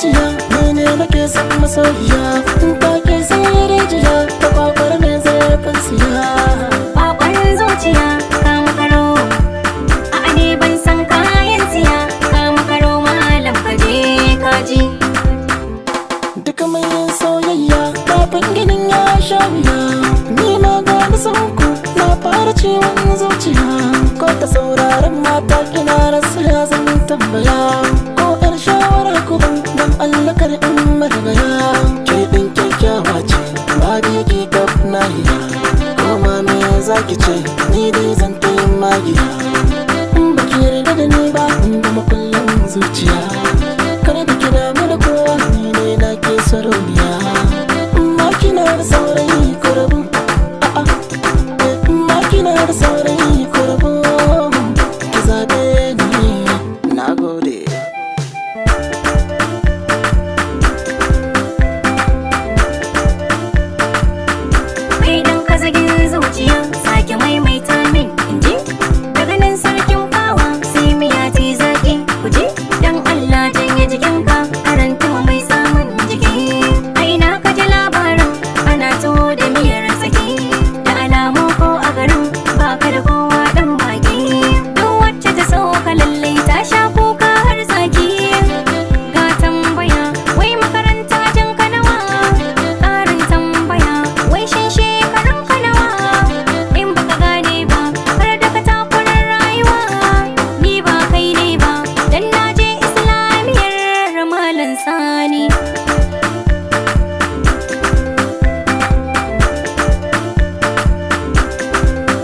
zuciya ne ne nake son masoyiya tun ta ke sai rijiya ta kwakwar mai zarafin siya kwakwarin zuciya ka karo. a ade ban san kayan siya ka karo malam kaje je kaji duka mai yin soyayya kafin ginin ya sha wuya ni na gani son ku na fara ciwon zuciya ko ta sauraron mata kina rasuwa allakar in marigaya ke ɗin kyakkyawa ce ba biki kaf na iya koma me zaki ce ni dai zan tayi magiya in ba ki yarda da ni ba in ba makullin zuciya kar da ki damu da kowa ni ne na ke sarauniya in ma kina da saurayi sani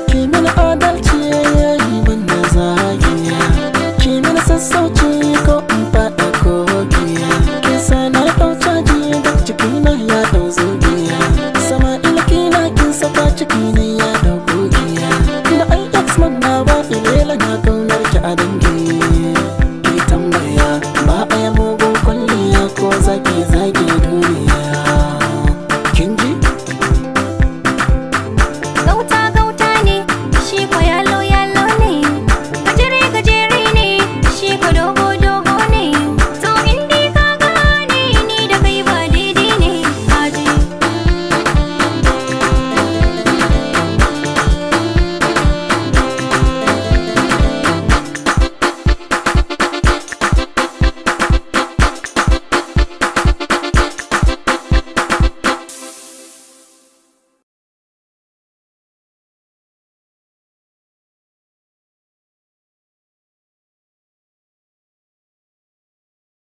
kimin adalci ya yi banda zagiya kimin sassauci ko in faɗa kogiya kisa na ɗau caji duk cikina ya ɗau zugiya sama ilkina kin saka cikina